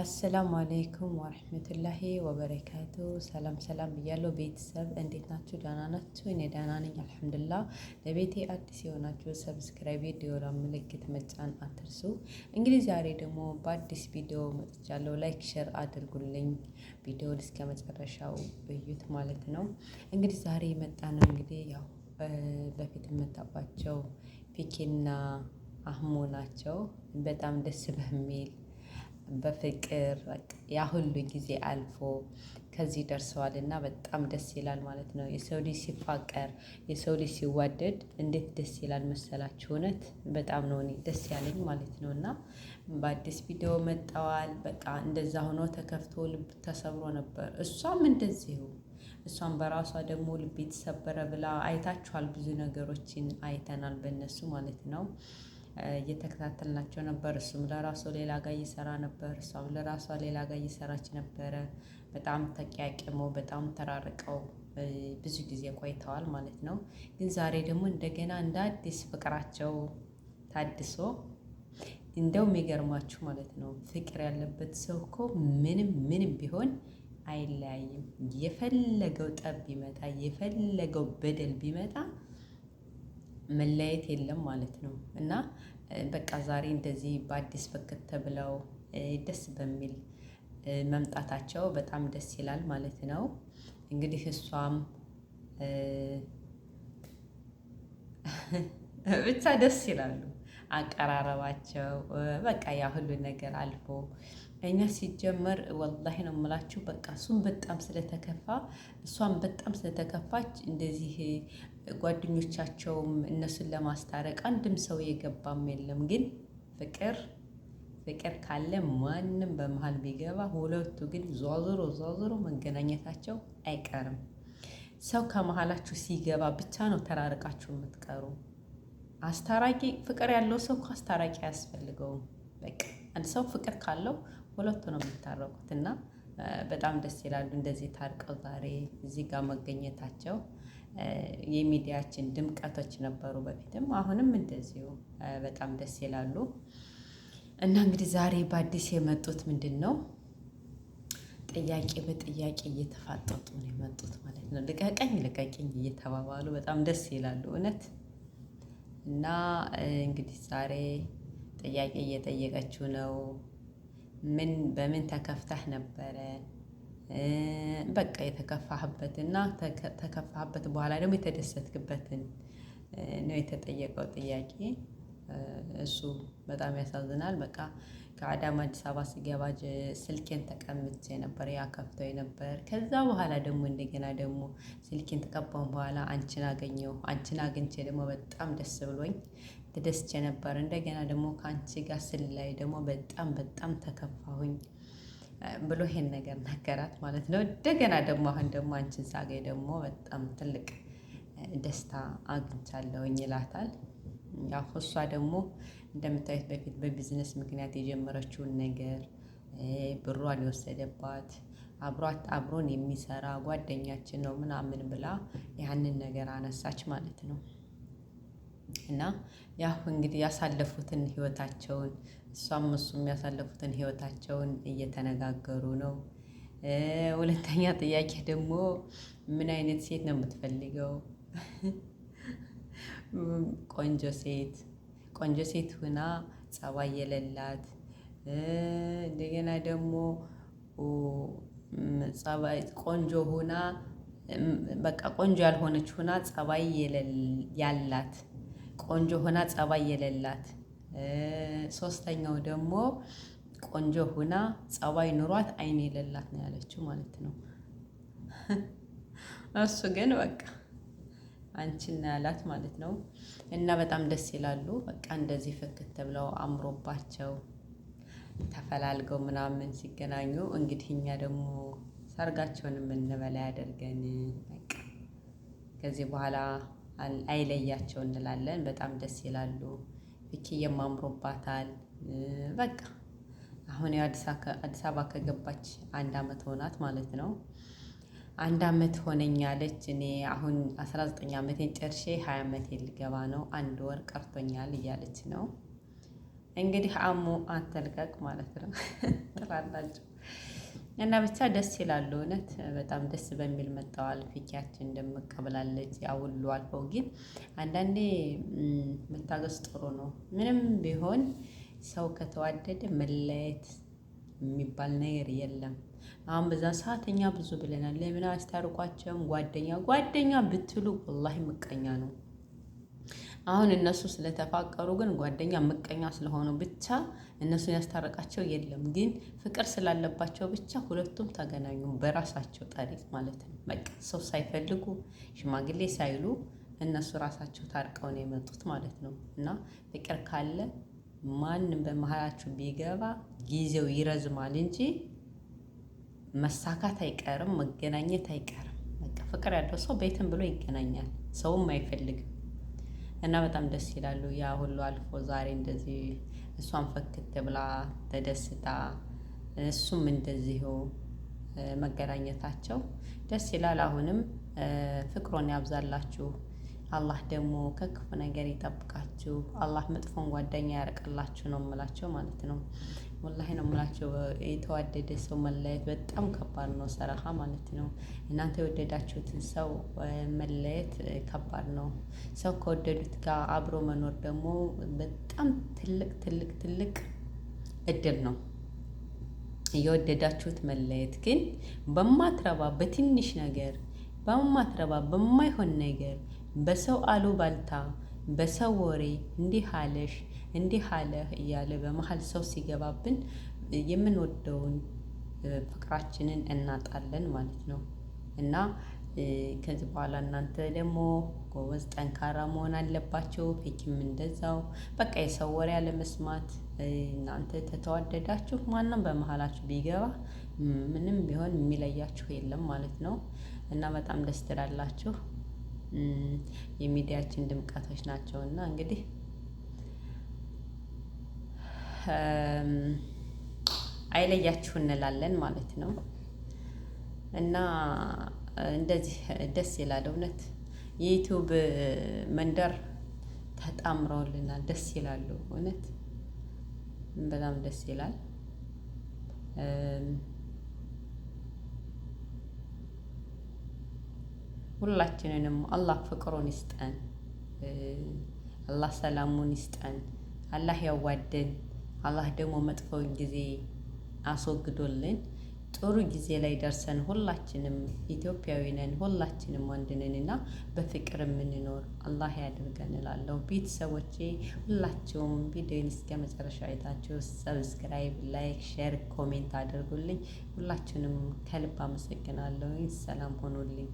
አሰላሙ አለይኩም ወረህመቱላሂ ወበረካቱ። ሰላም ሰላም ብያለሁ ቤተሰብ፣ እንዴት ናችሁ? ደህና ናችሁ? እኔ ደህና ነኝ አልሐምዱሊላህ። ለቤቴ አዲስ የሆናችሁ ሰብስክራይብ፣ ዲዮራ ምልክት መጫን አትርሱ። እንግዲህ ዛሬ ደግሞ በአዲስ ቪዲዮ መጥቻለሁ። ላይክ ሸር አድርጉልኝ፣ ቪዲዮውን እስከ መጨረሻው እዩት ማለት ነው። እንግዲህ ዛሬ የመጣ ነው እንግዲህ ያው በፊት የምታውቋቸው ፒኬና አህሙ ናቸው። በጣም ደስ በሚል በፍቅር ያ ሁሉ ጊዜ አልፎ ከዚህ ደርሰዋል እና በጣም ደስ ይላል ማለት ነው። የሰው ልጅ ሲፋቀር የሰው ልጅ ሲዋደድ እንዴት ደስ ይላል መሰላችሁ? እውነት በጣም ነው እኔ ደስ ያለኝ ማለት ነው። እና በአዲስ ቪዲዮ መጠዋል በቃ እንደዛ ሆኖ ተከፍቶ ልብ ተሰብሮ ነበር። እሷም እንደዚሁ እሷም በራሷ ደግሞ ልቤ ተሰበረ ብላ አይታችኋል። ብዙ ነገሮችን አይተናል በእነሱ ማለት ነው። እየተከታተልናቸው ነበር። እሱም ለራሷ ሌላ ጋር እየሰራ ነበር፣ እሷም ለራሷ ሌላ ጋር እየሰራች ነበረ። በጣም ተቂያቂመው በጣም ተራርቀው ብዙ ጊዜ ቆይተዋል ማለት ነው። ግን ዛሬ ደግሞ እንደገና እንደ አዲስ ፍቅራቸው ታድሶ እንደው የሚገርማችሁ ማለት ነው ፍቅር ያለበት ሰው እኮ ምንም ምንም ቢሆን አይለያይም። የፈለገው ጠብ ቢመጣ የፈለገው በደል ቢመጣ መለያየት የለም ማለት ነው እና በቃ ዛሬ እንደዚህ በአዲስ ፈገግ ተብለው ደስ በሚል መምጣታቸው በጣም ደስ ይላል ማለት ነው። እንግዲህ እሷም ብቻ ደስ ይላሉ አቀራረባቸው በቃ ያ ሁሉ ነገር አልፎ እኛ ሲጀመር ወላሂ ነው የምላችሁ። በቃ እሱም በጣም ስለተከፋ እሷም በጣም ስለተከፋች እንደዚህ ጓደኞቻቸውም እነሱን ለማስታረቅ አንድም ሰው የገባም የለም። ግን ፍቅር ፍቅር ካለ ማንም በመሀል ቢገባ፣ ሁለቱ ግን ዟዙሮ ዟዙሮ መገናኘታቸው አይቀርም። ሰው ከመሀላችሁ ሲገባ ብቻ ነው ተራርቃችሁ የምትቀሩ። አስታራቂ ፍቅር ያለው ሰው እኮ አስታራቂ አያስፈልገውም። በቃ አንድ ሰው ፍቅር ካለው ሁለቱ ነው የሚታረቁት እና በጣም ደስ ይላሉ። እንደዚህ ታርቀው ዛሬ እዚህ ጋር መገኘታቸው የሚዲያችን ድምቀቶች ነበሩ በፊትም አሁንም እንደዚሁ በጣም ደስ ይላሉ። እና እንግዲህ ዛሬ በአዲስ የመጡት ምንድን ነው ጥያቄ በጥያቄ እየተፋጠጡ ነው የመጡት ማለት ነው። ልቀቀኝ ልቀቀኝ እየተባባሉ በጣም ደስ ይላሉ እውነት። እና እንግዲህ ዛሬ ጥያቄ እየጠየቀችው ነው ምን በምን ተከፍተህ ነበረ? በቃ የተከፋህበትና ተከፋህበት በኋላ ደግሞ የተደሰትክበትን ነው የተጠየቀው ጥያቄ። እሱ በጣም ያሳዝናል። በቃ ከአዳም አዲስ አበባ ስገባ ስልኬን ተቀምቼ ነበር ከፍተው ነበር። ከዛ በኋላ ደግሞ እንደገና ደግሞ ስልኬን ተቀባውን በኋላ አንቺን አገኘሁ። አንቺን አግኝቼ ደግሞ በጣም ደስ ብሎኝ ተደስቼ ነበር። እንደገና ደግሞ ከአንቺ ጋር ስላይ ደግሞ በጣም በጣም ተከፋሁኝ ብሎ ይሄን ነገር ነገራት ማለት ነው። እንደገና ደግሞ አሁን ደግሞ አንቺን ሳገኝ ደግሞ በጣም ትልቅ ደስታ አግኝቻለሁኝ ይላታል። ያው እሷ ደግሞ እንደምታዩት በፊት በቢዝነስ ምክንያት የጀመረችውን ነገር ብሯን የወሰደባት አብሯት አብሮን የሚሰራ ጓደኛችን ነው ምናምን ብላ ያንን ነገር አነሳች ማለት ነው። እና ያሁ እንግዲህ ያሳለፉትን ህይወታቸውን እሷም እሱም ያሳለፉትን ህይወታቸውን እየተነጋገሩ ነው። ሁለተኛ ጥያቄ ደግሞ ምን አይነት ሴት ነው የምትፈልገው? ቆንጆ ሴት ቆንጆ ሴት ሆና ፀባይ የሌላት እንደገና ደግሞ ቆንጆ ሁና በቃ ቆንጆ ያልሆነች ሁና ፀባይ ያላት ቆንጆ ሆና ጸባይ የሌላት፣ ሶስተኛው ደግሞ ቆንጆ ሆና ጸባይ ኑሯት አይን የሌላት ነው ያለችው ማለት ነው። እሱ ግን በቃ አንቺን ነው ያላት ማለት ነው። እና በጣም ደስ ይላሉ። በቃ እንደዚህ ፍክት ተብለው አምሮባቸው ተፈላልገው ምናምን ሲገናኙ እንግዲህ እኛ ደግሞ ሰርጋቸውን የምንበላ ያደርገን። ከዚህ በኋላ አይለያቸው እንላለን። በጣም ደስ ይላሉ። ቢኪዬም አምሮባታል። በቃ አሁን አዲስ አበባ ከገባች አንድ አመት ሆናት ማለት ነው። አንድ አመት ሆነኝ አለች። እኔ አሁን 19 ዓመቴን ጨርሼ 20 ዓመቴን ልገባ ነው፣ አንድ ወር ቀርቶኛል እያለች ነው። እንግዲህ አሞ አተልቀቅ ማለት ነው ጥላላችሁ እና ብቻ ደስ ይላሉ። እውነት በጣም ደስ በሚል መጥተዋል። ፊኪያችን ደመቅ ብላለች። ያውሉ አልፈው ግን አንዳንዴ መታገስ ጥሩ ነው። ምንም ቢሆን ሰው ከተዋደደ መለየት የሚባል ነገር የለም። አሁን በዛ ሰዓት ብዙ ብለናል። ለምን አስታርቋቸውም ጓደኛ ጓደኛ ብትሉ ወላሂ ምቀኛ ነው። አሁን እነሱ ስለተፋቀሩ ግን ጓደኛ ምቀኛ ስለሆኑ ብቻ እነሱን ያስታረቃቸው የለም። ግን ፍቅር ስላለባቸው ብቻ ሁለቱም ተገናኙ በራሳቸው ጠሪቅ ማለት ነው። በቃ ሰው ሳይፈልጉ ሽማግሌ ሳይሉ እነሱ ራሳቸው ታርቀው ነው የመጡት ማለት ነው። እና ፍቅር ካለ ማንም በመሀላችሁ ቢገባ ጊዜው ይረዝማል እንጂ መሳካት አይቀርም፣ መገናኘት አይቀርም። በቃ ፍቅር ያለው ሰው ቤትም ብሎ ይገናኛል፣ ሰውም አይፈልግም። እና በጣም ደስ ይላሉ። ያ ሁሉ አልፎ ዛሬ እንደዚህ እሷም ፈክት ብላ ተደስታ እሱም እንደዚሁ መገናኘታቸው ደስ ይላል። አሁንም ፍቅሮን ያብዛላችሁ። አላህ ደግሞ ከክፉ ነገር ይጠብቃችሁ። አላህ መጥፎን ጓደኛ ያርቅላችሁ ነው የምላቸው ማለት ነው። ወላሂ ነው የምላቸው። የተዋደደ ሰው መለየት በጣም ከባድ ነው፣ ሰረሃ ማለት ነው። እናንተ የወደዳችሁትን ሰው መለየት ከባድ ነው። ሰው ከወደዱት ጋር አብሮ መኖር ደግሞ በጣም ትልቅ ትልቅ ትልቅ እድል ነው። የወደዳችሁት መለየት ግን በማትረባ በትንሽ ነገር በማትረባ በማይሆን ነገር በሰው አሉባልታ በሰው ወሬ እንዲህ አለሽ እንዲህ አለህ እያለ በመሀል ሰው ሲገባብን የምንወደውን ፍቅራችንን እናጣለን ማለት ነው። እና ከዚህ በኋላ እናንተ ደግሞ ጎበዝ ጠንካራ መሆን አለባቸው ፌኪም እንደዛው በቃ የሰው ወሬ አለመስማት። እናንተ ተተዋደዳችሁ ማንም በመሃላችሁ ቢገባ ምንም ቢሆን የሚለያችሁ የለም ማለት ነው። እና በጣም ደስ ትላላችሁ። የሚዲያችን ድምቀቶች ናቸው። እና እንግዲህ አይለያችሁ እንላለን ማለት ነው። እና እንደዚህ ደስ ይላል እውነት የዩቱብ መንደር ተጣምረውልናል። ደስ ይላሉ እውነት በጣም ደስ ይላል። ሁላችንንም አላህ ፍቅሩን ይስጠን። አላህ ሰላሙን ይስጠን። አላህ ያዋደን። አላህ ደግሞ መጥፈውን ጊዜ አስወግዶልን ጥሩ ጊዜ ላይ ደርሰን ሁላችንም ኢትዮጵያዊ ነን፣ ሁላችንም ወንድ ነን እና በፍቅር የምንኖር አላህ ያድርገን እላለሁ። ቤተሰቦቼ ሁላችሁም ቪዲዮን እስከ መጨረሻ አይታችሁ ሰብስክራይብ፣ ላይክ፣ ሼር፣ ኮሜንት አድርጉልኝ። ሁላችሁንም ከልብ አመሰግናለሁ። ሰላም ሆኖልኝ